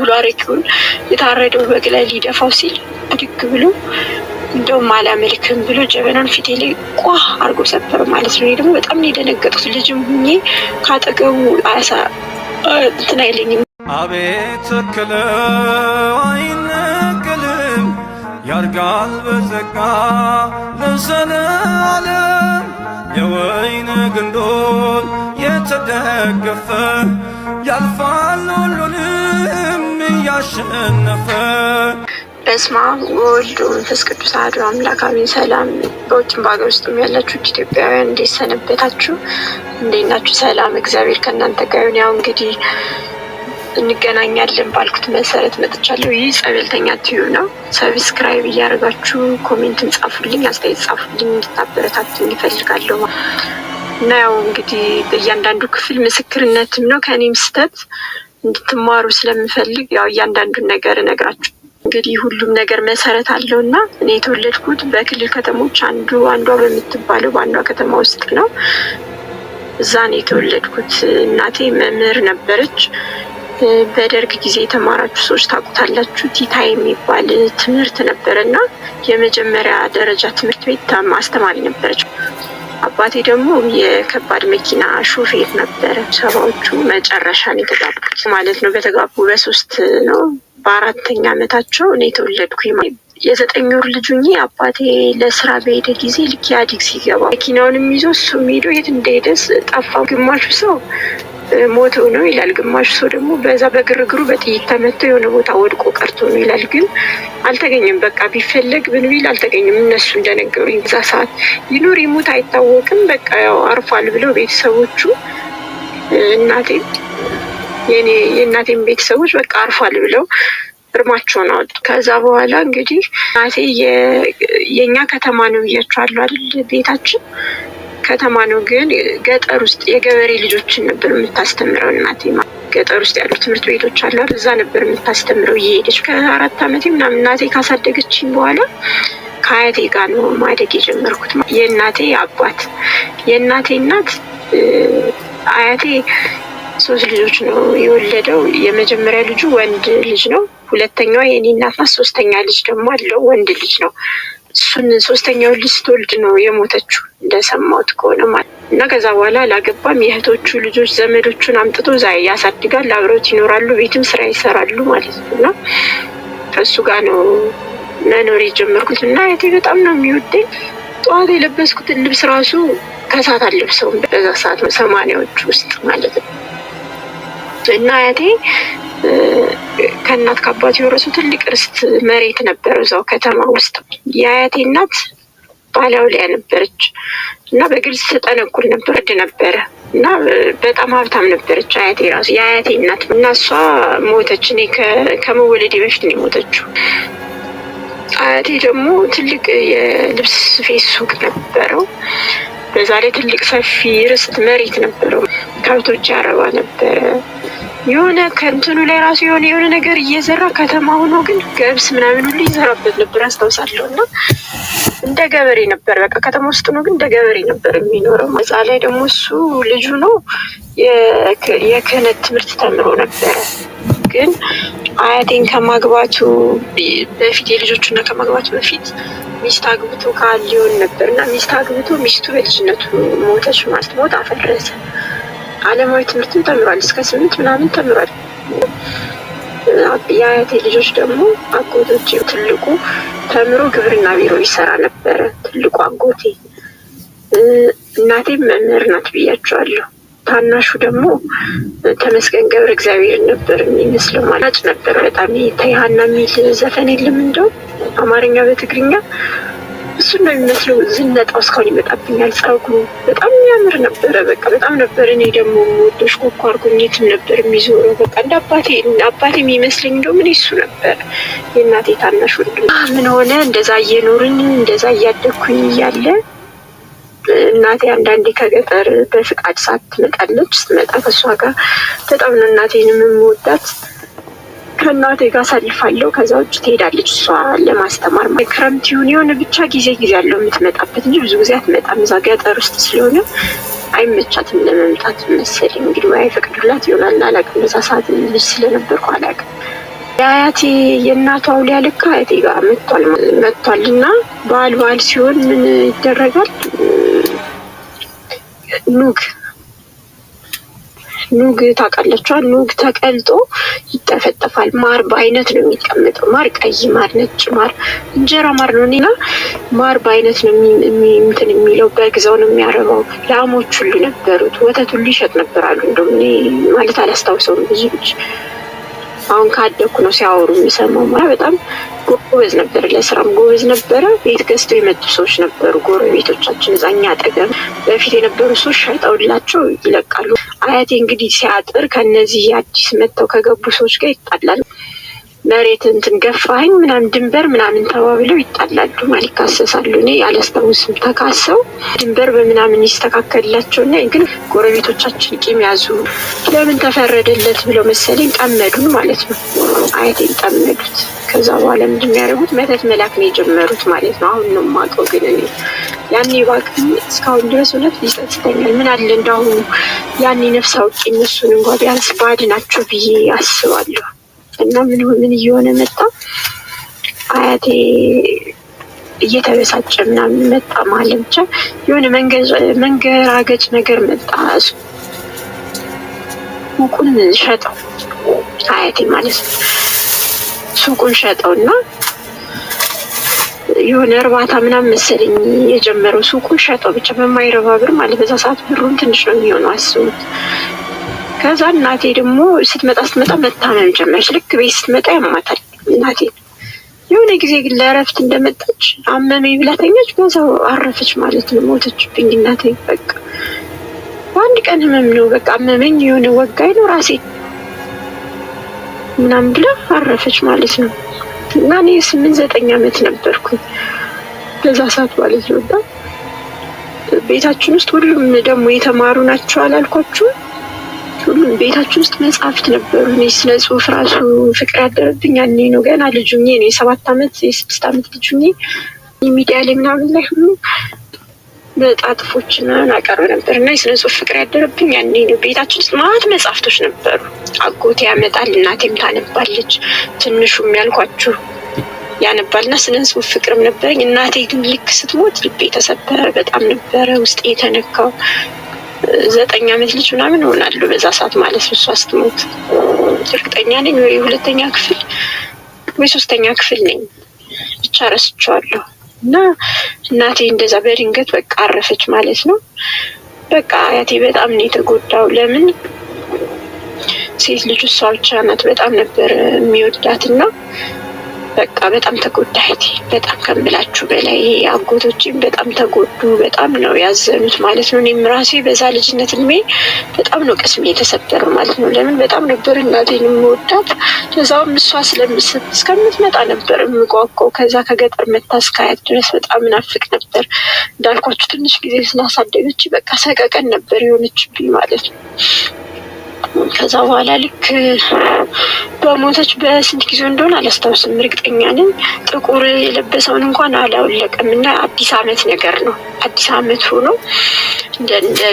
ብሎ አረቂውን የታረደው በግ ላይ ሊደፋው ሲል ብድግ ብሎ እንደውም አላመልክም ብሎ ጀበናን ፊቴ ላይ ቋ አርጎ ሰበር ማለት ነው። ደግሞ በጣም ነው የደነገጥኩት። ልጅም ሁኜ ካጠገቡ አያሳ እንትን አይለኝም። አቤት ትክል አይነቅልም ያርጋል በዘቃ ልብሰነ አለም የወይን ግንዶን የተደገፈ ያልፋል ሁሉን አሸነፈ። በስመ አብ ወወልድ ወመንፈስ ቅዱስ አሐዱ አምላክ አሜን። ሰላም በውጭም በሀገር ውስጥም ያላችሁ ኢትዮጵያውያን እንዴት ሰነበታችሁ? እንዴት ናችሁ? ሰላም እግዚአብሔር ከእናንተ ጋር ይሁን። ያው እንግዲህ እንገናኛለን ባልኩት መሰረት መጥቻለሁ። ይህ ጸበልተኛ ትዩ ነው። ሰብስክራይብ እያደረጋችሁ ኮሜንትን ጻፉልኝ፣ አስተያየት ጻፉልኝ፣ እንድታበረታቱኝ ይፈልጋለሁ እና ያው እንግዲህ በእያንዳንዱ ክፍል ምስክርነትም ነው ከእኔም ስህተት እንድትማሩ ስለምፈልግ ያው እያንዳንዱን ነገር እነግራችሁ እንግዲህ ሁሉም ነገር መሰረት አለው እና እኔ የተወለድኩት በክልል ከተሞች አንዱ አንዷ በምትባለው በአንዷ ከተማ ውስጥ ነው። እዛ ነው የተወለድኩት። እናቴ መምህር ነበረች። በደርግ ጊዜ የተማራችሁ ሰዎች ታውቁታላችሁ። ቲታ የሚባል ትምህርት ነበረ እና የመጀመሪያ ደረጃ ትምህርት ቤት አስተማሪ ነበረች። አባቴ ደግሞ የከባድ መኪና ሹፌር ነበረ። ሰባዎቹ መጨረሻ ነው የተጋቡት ማለት ነው። በተጋቡ በሶስት ነው በአራተኛ ዓመታቸው እኔ የተወለድኩኝ የዘጠኝ ወር ልጁኝ አባቴ ለስራ በሄደ ጊዜ ልክ ኢህአዴግ ሲገባ መኪናውንም ይዞ እሱ ሄዶ የት እንደሄደ ጠፋው። ግማሹ ሰው ሞተው ነው ይላል። ግማሽ ሰው ደግሞ በዛ በግርግሩ በጥይት ተመቶ የሆነ ቦታ ወድቆ ቀርቶ ነው ይላል። ግን አልተገኘም። በቃ ቢፈለግ ብን ቢል አልተገኘም። እነሱ እንደነገሩ ይዛ ሰዓት ይኑር ይሙት አይታወቅም። በቃ ያው አርፏል ብለው ቤተሰቦቹ እናቴም የእናቴን ቤተሰቦች በቃ አርፏል ብለው እርማቸውን አወጡ። ከዛ በኋላ እንግዲህ እናቴ የእኛ ከተማ ነው እያቸዋሉ አይደል ቤታችን ከተማ ነው፣ ግን ገጠር ውስጥ የገበሬ ልጆችን ነበር የምታስተምረው እናቴ። ገጠር ውስጥ ያሉ ትምህርት ቤቶች አሉ፣ እዛ ነበር የምታስተምረው እየሄደች። ከአራት ዓመቴ ምናምን እናቴ ካሳደገችኝ በኋላ ከአያቴ ጋር ነው ማደግ የጀመርኩት። የእናቴ አባት የእናቴ እናት አያቴ ሶስት ልጆች ነው የወለደው። የመጀመሪያ ልጁ ወንድ ልጅ ነው። ሁለተኛዋ የኔ እናት ናት። ሶስተኛ ልጅ ደግሞ አለው ወንድ ልጅ ነው። እሱን ሶስተኛው ልጅ ስትወልድ ነው የሞተችው እንደሰማሁት ከሆነ ማለት እና ከዛ በኋላ አላገባም። የእህቶቹ ልጆች ዘመዶቹን አምጥቶ እዛ ያሳድጋል። አብረውት ይኖራሉ፣ ቤትም ስራ ይሰራሉ ማለት ነው። እና ከእሱ ጋር ነው መኖር የጀመርኩት እና እህቴ በጣም ነው የሚወደኝ። ጠዋት የለበስኩትን ልብስ ራሱ ከሰዓት አልለብሰውም። በዛ ሰዓት ነው ሰማንያዎቹ ውስጥ ማለት ነው። እና አያቴ ከእናት ከአባት የወረሱ ትልቅ ርስት መሬት ነበር እዛው ከተማ ውስጥ። የአያቴ እናት ባለውሊያ ነበረች እና በግልጽ ተጠነቁል ነበር እድ ነበረ እና በጣም ሀብታም ነበረች አያቴ ራሱ የአያቴ እናት እና እሷ ሞተች። እኔ ከመወለዴ በፊት ነው የሞተችው። አያቴ ደግሞ ትልቅ የልብስ ስፌት ሱቅ ነበረው። በዛ ላይ ትልቅ ሰፊ ርስት መሬት ነበረው። ከብቶች ያረባ ነበረ የሆነ ከእንትኑ ላይ ራሱ የሆነ የሆነ ነገር እየዘራ ከተማ ሆኖ ግን ገብስ ምናምን ሁሉ ይዘራበት ነበር አስታውሳለሁ። እና እንደ ገበሬ ነበር፣ በቃ ከተማ ውስጥ ነው ግን እንደ ገበሬ ነበር የሚኖረው። መጻ ላይ ደግሞ እሱ ልጁ ነው የክህነት ትምህርት ተምሮ ነበረ። ግን አያቴን ከማግባቱ በፊት የልጆቹና ከማግባቱ በፊት ሚስት አግብቶ ካል ሊሆን ነበር እና ሚስት አግብቶ ሚስቱ በልጅነቱ ሞተች ማስት ሞት አፈረሰ። አለማዊ ትምህርትም ተምሯል። እስከ ስምንት ምናምን ተምሯል። የአያቴ ልጆች ደግሞ አጎቶች ትልቁ ተምሮ ግብርና ቢሮ ይሰራ ነበረ። ትልቁ አጎቴ እናቴም መምህር ናት ብያቸዋለሁ። ታናሹ ደግሞ ተመስገን ገብረ እግዚአብሔር ነበር የሚመስለው። ማላጭ ነበር በጣም ይሄ ተይሃና የሚል ዘፈን የለም እንደው አማርኛ በትግርኛ እሱን ነው የሚመስለው። ዝነጣው እስካሁን ይመጣብኛል። ጸጉሩ በጣም የሚያምር ነበረ። በቃ በጣም ነበር። እኔ ደግሞ ወዶች ኮኳር ጉኝትም ነበር የሚዞረው። በቃ እንደ አባቴ አባቴ የሚመስለኝ እንደውም ምን እሱ ነበር። የእናቴ ታናሽ ወንድ። ምን ሆነ እንደዛ እየኖርን እንደዛ እያደግኩኝ እያለ እናቴ አንዳንዴ ከገጠር በፍቃድ ሳት ትመጣለች። ስትመጣ ከእሷ ጋር በጣም ነው እናቴንም የምወዳት ከእናቴ ጋር አሳልፋለሁ። ከዛ ውጭ ትሄዳለች እሷ ለማስተማር ክረምት ይሁን የሆነ ብቻ ጊዜ ጊዜ ያለው የምትመጣበት እንጂ ብዙ ጊዜ አትመጣም። እዛ ገጠር ውስጥ ስለሆነ አይመቻትም ለመምጣት መሰለኝ። እንግዲህ ወይ አይፈቅዱላት ይሆናል አላውቅም። በዛ ሰዓት ልጅ ስለነበርኩ አላውቅም። የአያቴ የእናቷ አውሊያ ልካ አያቴ ጋር መጥቷል መጥቷል እና በዓል በዓል ሲሆን ምን ይደረጋል ኑግ ኑግ ታውቃላችኋል? ኑግ ተቀልጦ ይጠፈጠፋል። ማር በአይነት ነው የሚቀመጠው። ማር ቀይ ማር፣ ነጭ ማር፣ እንጀራ ማር ነው እኔና ማር በአይነት ነው እንትን የሚለው። በግዛው ነው የሚያረባው። ላሞች ሁሉ ነበሩት። ወተት ሁሉ ይሸጥ ነበራሉ። እንደውም ማለት አላስታውሰውም ብዙ ልጅ አሁን ካደኩ ነው ሲያወሩ የሚሰማው። በጣም ጎበዝ ነበር፣ ለስራም ጎበዝ ነበረ። ቤት ገዝተው የመጡ ሰዎች ነበሩ፣ ጎረቤቶቻችን እዛኛ አጠገብ በፊት የነበሩ ሰዎች ሸጠውላቸው ይለቃሉ። አያቴ እንግዲህ ሲያጥር ከነዚህ አዲስ መጥተው ከገቡ ሰዎች ጋር ይጣላል። መሬት እንትን ገፋኝ ምናምን ድንበር ምናምን ተባብለው ይጣላሉ ማለት ይካሰሳሉ። እኔ አላስታውስም። ተካሰው ድንበር በምናምን ይስተካከልላቸው እና ግን ጎረቤቶቻችን ቂም ያዙ። ለምን ተፈረደለት ብለው መሰለኝ ጠመዱን ማለት ነው። አይቴን ጠመዱት። ከዛ በኋላ ምንድን የሚያደርጉት መተት መላክ ነው የጀመሩት ማለት ነው። አሁን ነው የማውቀው። ግን እኔ ያኔ ባቅም እስካሁን ድረስ እውነት ሊጸጽተኛል። ምን አለ እንዳሁኑ ያኔ ነፍስ አውቄ እነሱን እንኳ ቢያንስ ባድ ናቸው ብዬ አስባለሁ። እና ምን ምን እየሆነ መጣ። አያቴ እየተበሳጨ ምናምን መጣ ማለት ብቻ የሆነ መንገራገጭ ነገር መጣ። ሱቁን ሸጠው አያቴ ማለት ነው። ሱቁን ሸጠው እና የሆነ እርባታ ምናምን መሰለኝ የጀመረው ሱቁን ሸጠው ብቻ በማይረባ ብር ማለት በዛ ሰዓት ብሩን ትንሽ ነው የሚሆነው አስቡት። ከዛ እናቴ ደግሞ ስትመጣ ስትመጣ መታመም ጀመረች። ልክ ቤት ስትመጣ ያማታል እናቴ። የሆነ ጊዜ ግን ለእረፍት እንደመጣች አመመኝ ብላ በዛው አረፈች ማለት ነው። ሞተችብኝ እናቴ በቃ በአንድ ቀን ህመም ነው በቃ አመመኝ፣ የሆነ ወጋኝ ነው ራሴ ምናምን ብላ አረፈች ማለት ነው። እና እኔ ስምንት ዘጠኝ አመት ነበርኩኝ በዛ ሰዓት ማለት ነው። ቤታችን ውስጥ ሁሉም ደግሞ የተማሩ ናቸው አላልኳችሁም? ሁሉም ቤታችን ውስጥ መጽሐፍት ነበሩ። እኔ ስነ ጽሁፍ ራሱ ፍቅር ያደረብኝ ያኔ ነው። ገና ልጁ ነው፣ የሰባት ዓመት የስድስት አመት ልጁ ሚዲያ ላይ ምናምን ላይ ሁሉ በጣጥፎች ምናምን አቀርብ ነበር እና የስነ ጽሁፍ ፍቅር ያደረብኝ ያኔ ነው። ቤታችን ውስጥ ማለት መጽሐፍቶች ነበሩ። አጎቴ ያመጣል፣ እናቴም ታነባለች። ትንሹም ያልኳችሁ ያነባልና ስነ ጽሁፍ ፍቅርም ነበረኝ። እናቴ ግን ልክ ስትሞት ልቤ ተሰበረ። በጣም ነበረ ውስጥ የተነካው ዘጠኝ አመት ልጅ ምናምን ሆናለሁ በዛ ሰዓት ማለት ነው። እሷ ስትሞት እርግጠኛ ነኝ ወይ ሁለተኛ ክፍል ወይ ሶስተኛ ክፍል ነኝ ብቻ ረስቼዋለሁ። እና እናቴ እንደዛ በድንገት በቃ አረፈች ማለት ነው። በቃ አያቴ በጣም ነው የተጎዳው። ለምን ሴት ልጅ እሷ ብቻ ናት። በጣም ነበር የሚወዳት እና በቃ በጣም ተጎዳ እህቴ፣ በጣም ከምላችሁ በላይ አጎቶችም በጣም ተጎዱ። በጣም ነው ያዘኑት ማለት ነው። እኔም ራሴ በዛ ልጅነት እድሜ በጣም ነው ቅስሜ የተሰበረው ማለት ነው። ለምን በጣም ነበር እናቴን የምወዳት። ከዛውም እሷ ስለምስት እስከምትመጣ ነበር የምጓጓው። ከዛ ከገጠር መታ እስካያት ድረስ በጣም ናፍቅ ነበር። እንዳልኳችሁ ትንሽ ጊዜ ስላሳደገች በቃ ሰቀቀን ነበር የሆነችብኝ ማለት ነው። ከዛ በኋላ ልክ በሞተች በስንት ጊዜ እንደሆነ አላስታውስም፣ እርግጠኛ ነኝ ጥቁር የለበሰውን እንኳን አላወለቅም። እና አዲስ አመት ነገር ነው። አዲስ አመት ሆኖ እንደ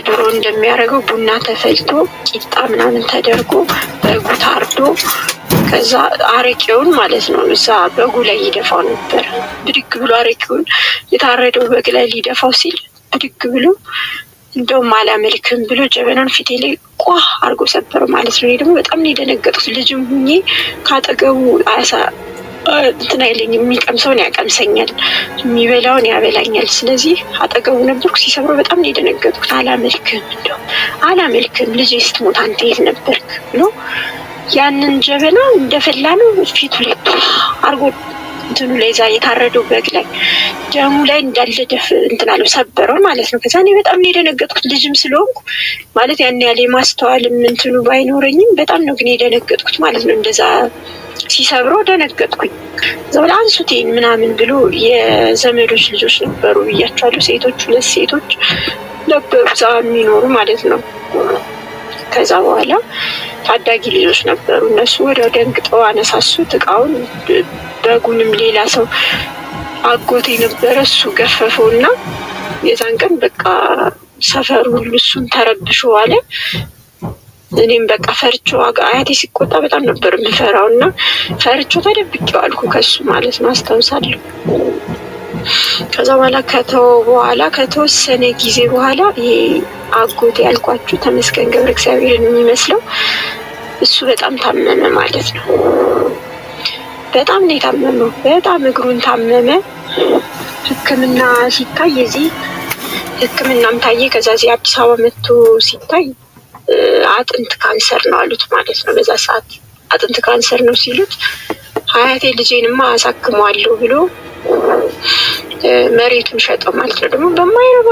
ድሮ እንደሚያደርገው ቡና ተፈልቶ ቂጣ ምናምን ተደርጎ በጉ ታርዶ ከዛ አረቄውን ማለት ነው እዛ በጉ ላይ ይደፋው ነበር። ብድግ ብሎ አረቄውን የታረደው በግ ላይ ሊደፋው ሲል ብድግ ብሎ እንደውም አላመልክም ብሎ ጀበናን ፊቴ ላይ ቋ አርጎ ሰበረው ማለት ነው። እኔ ደግሞ በጣም ነው የደነገጥኩት። ልጅም ሁኜ ካጠገቡ አሳ እንትን አይለኝ የሚቀምሰውን ያቀምሰኛል፣ የሚበላውን ያበላኛል። ስለዚህ አጠገቡ ነበርኩ። ሲሰብረው በጣም ነው የደነገጥኩት። አላመልክም፣ እንደው አላመልክም፣ ልጅ ስትሞት አንተ የት ነበርክ ብሎ ያንን ጀበና እንደፈላ ነው ፊቱ ላይ አርጎ እንትኑ ላይ እዛ የታረደው በግ ላይ ደሙ ላይ እንዳለ ደፍ እንትን አለው ሰበረው ማለት ነው። ከዛ እኔ በጣም የደነገጥኩት ልጅም ስለሆንኩ ማለት ያን ያለ የማስተዋልም እንትኑ ባይኖረኝም በጣም ነው ግን የደነገጥኩት ማለት ነው። እንደዛ ሲሰብረው ደነገጥኩኝ። እዛ አንሱቴን ምናምን ብሎ የዘመዶች ልጆች ነበሩ ብያቸዋለሁ። ሴቶች ሁለት ሴቶች ነበሩ እዛ የሚኖሩ ማለት ነው። ከዛ በኋላ ታዳጊ ልጆች ነበሩ። እነሱ ወዲያው ደንግጠው አነሳሱት እቃውን። በጉንም ሌላ ሰው አጎት የነበረ እሱ ገፈፈው እና የዛን ቀን በቃ ሰፈሩ ሁሉ እሱን ተረብሾ አለ። እኔም በቃ ፈርቼው አያቴ ሲቆጣ በጣም ነበር የምፈራው እና ፈርቼው ተደብቄዋልኩ ከሱ ማለት ነው አስታውሳለሁ። ከዛ በኋላ ከተወ በኋላ ከተወሰነ ጊዜ በኋላ ይሄ አጎቴ ያልኳችሁ ተመስገን ገብረ እግዚአብሔርን የሚመስለው እሱ በጣም ታመመ ማለት ነው። በጣም ነው የታመመው። በጣም እግሩን ታመመ። ሕክምና ሲታይ እዚህ ሕክምናም ታየ። ከዛ እዚህ አዲስ አበባ መጥቶ ሲታይ አጥንት ካንሰር ነው አሉት ማለት ነው። በዛ ሰዓት አጥንት ካንሰር ነው ሲሉት ሀያቴ ልጄንማ አሳክመዋለሁ ብሎ መሬቱን ሸጠው ማለት ነው። ደግሞ በማይረባ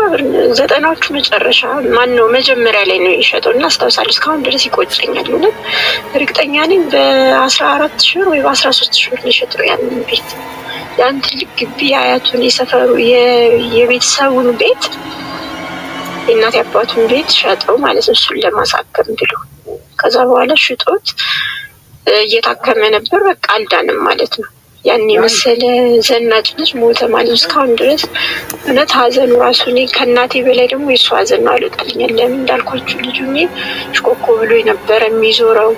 ዘጠናዎቹ መጨረሻ ማን ነው መጀመሪያ ላይ ነው የሸጠው እና አስታውሳለሁ። እስካሁን ድረስ ይቆጨኛል። ምንም እርግጠኛ ነኝ በአስራ አራት ሺህ ብር ወይ በአስራ ሶስት ሺህ ብር ያንን ቤት ያን ትልቅ ግቢ የአያቱን የሰፈሩ የቤተሰቡን ቤት የእናት አባቱን ቤት ሸጠው ማለት ነው እሱን ለማሳከም ብሎ ከዛ በኋላ ሽጦት እየታከመ ነበር። በቃ አልዳንም ማለት ነው። ያን የመሰለ ዘናጭ ልጅ ሞተ ማለት እስካሁን ድረስ እውነት ሀዘኑ ራሱ እኔ ከእናቴ በላይ ደግሞ የእሱ ሀዘን ነው አልወጣልኛል። ለምን እንዳልኳችሁ ልጁ እኔ ሽኮኮ ብሎ ነበረ የሚዞረው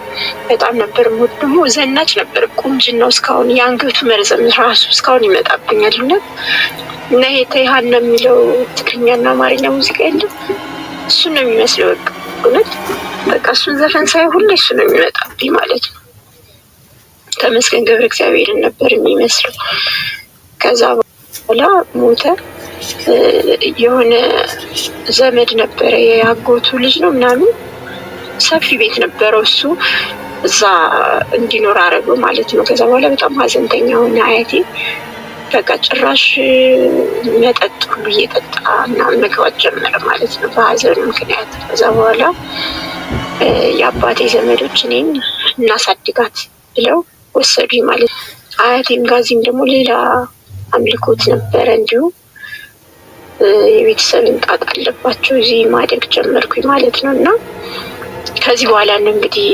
በጣም ነበር። ሞት ደግሞ ዘናጭ ነበር፣ ቁንጅናው እስካሁን የአንገቱ መርዘም ራሱ እስካሁን ይመጣብኛል። እውነት እና የተይሃን ነው የሚለው ትግርኛና አማርኛ ሙዚቃ የለም እሱ ነው የሚመስለው። በቃ እውነት በቃ እሱን ዘፈን ሳይ ሁሌ እሱ ነው የሚመጣብኝ ማለት ነው። ተመስገን ገብረ እግዚአብሔርን ነበር የሚመስለው። ከዛ በኋላ ሞተ። የሆነ ዘመድ ነበረ የአጎቱ ልጅ ነው ምናምን፣ ሰፊ ቤት ነበረው እሱ እዛ እንዲኖር አደረገው ማለት ነው። ከዛ በኋላ በጣም ሀዘንተኛ ሆነ አያቴ። በቃ ጭራሽ መጠጥ ሁሉ እየጠጣ እና መግባት ጀመረ ማለት ነው በሀዘኑ ምክንያት። ከዛ በኋላ የአባቴ ዘመዶች እኔን እናሳድጋት ብለው ወሰዱ ማለት ነው። አያቴም ጋዚም ደግሞ ሌላ አምልኮት ነበረ። እንዲሁ የቤተሰብን ጣጣ አለባቸው። እዚህ ማደግ ጀመርኩኝ ማለት ነው። እና ከዚህ በኋላ ነው እንግዲህ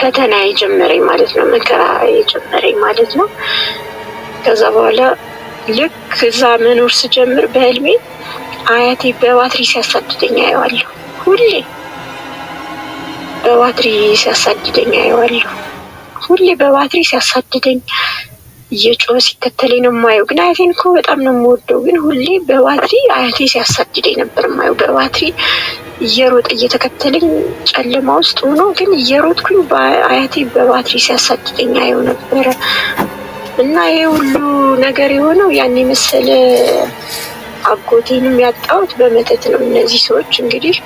ፈተና የጀመረኝ ማለት ነው። መከራ የጀመረኝ ማለት ነው። ከዛ በኋላ ልክ እዛ መኖር ስጀምር በህልሜ አያቴ በባትሪ ሲያሳድደኝ አየዋለሁ። ሁሌ በባትሪ ሲያሳድደኝ አየዋለሁ። ሁሌ በባትሪ ሲያሳድደኝ እየጮ ሲከተለኝ ነው የማየው። ግን አያቴን እኮ በጣም ነው የምወደው። ግን ሁሌ በባትሪ አያቴ ሲያሳድደኝ ነበር የማየው። በባትሪ እየሮጠ እየተከተለኝ ጨለማ ውስጥ ሆኖ ግን እየሮጥኩኝ አያቴ በባትሪ ሲያሳድደኝ አየው ነበረ እና ይሄ ሁሉ ነገር የሆነው ያን የመሰለ አጎቴንም ያጣሁት በመተት ነው። እነዚህ ሰዎች እንግዲህ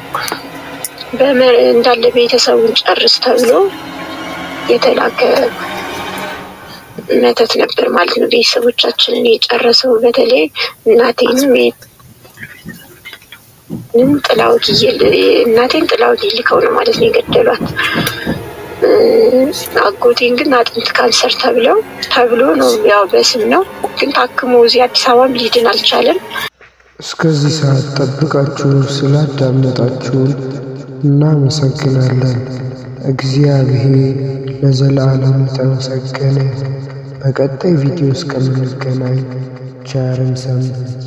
እንዳለ ቤተሰቡን ጨርስ ተብሎ የተላከ መተት ነበር ማለት ነው። ቤተሰቦቻችንን የጨረሰው በተለይ እናቴን ጥላውት እናቴን ጥላውት ይልከው ነው ማለት ነው የገደሏት። አጎቴን ግን አጥንት ካንሰር ተብለው ተብሎ ነው ያው በስም ነው ግን ታክሞ እዚህ አዲስ አበባም ሊድን አልቻለም። እስከዚህ ሰዓት ጠብቃችሁ ስላዳመጣችሁን እናመሰግናለን። እግዚአብሔር ለዘላለም ተመሰገነ። በቀጣይ ቪዲዮ እስከምንገናኝ ቸርን ሰንብቱ።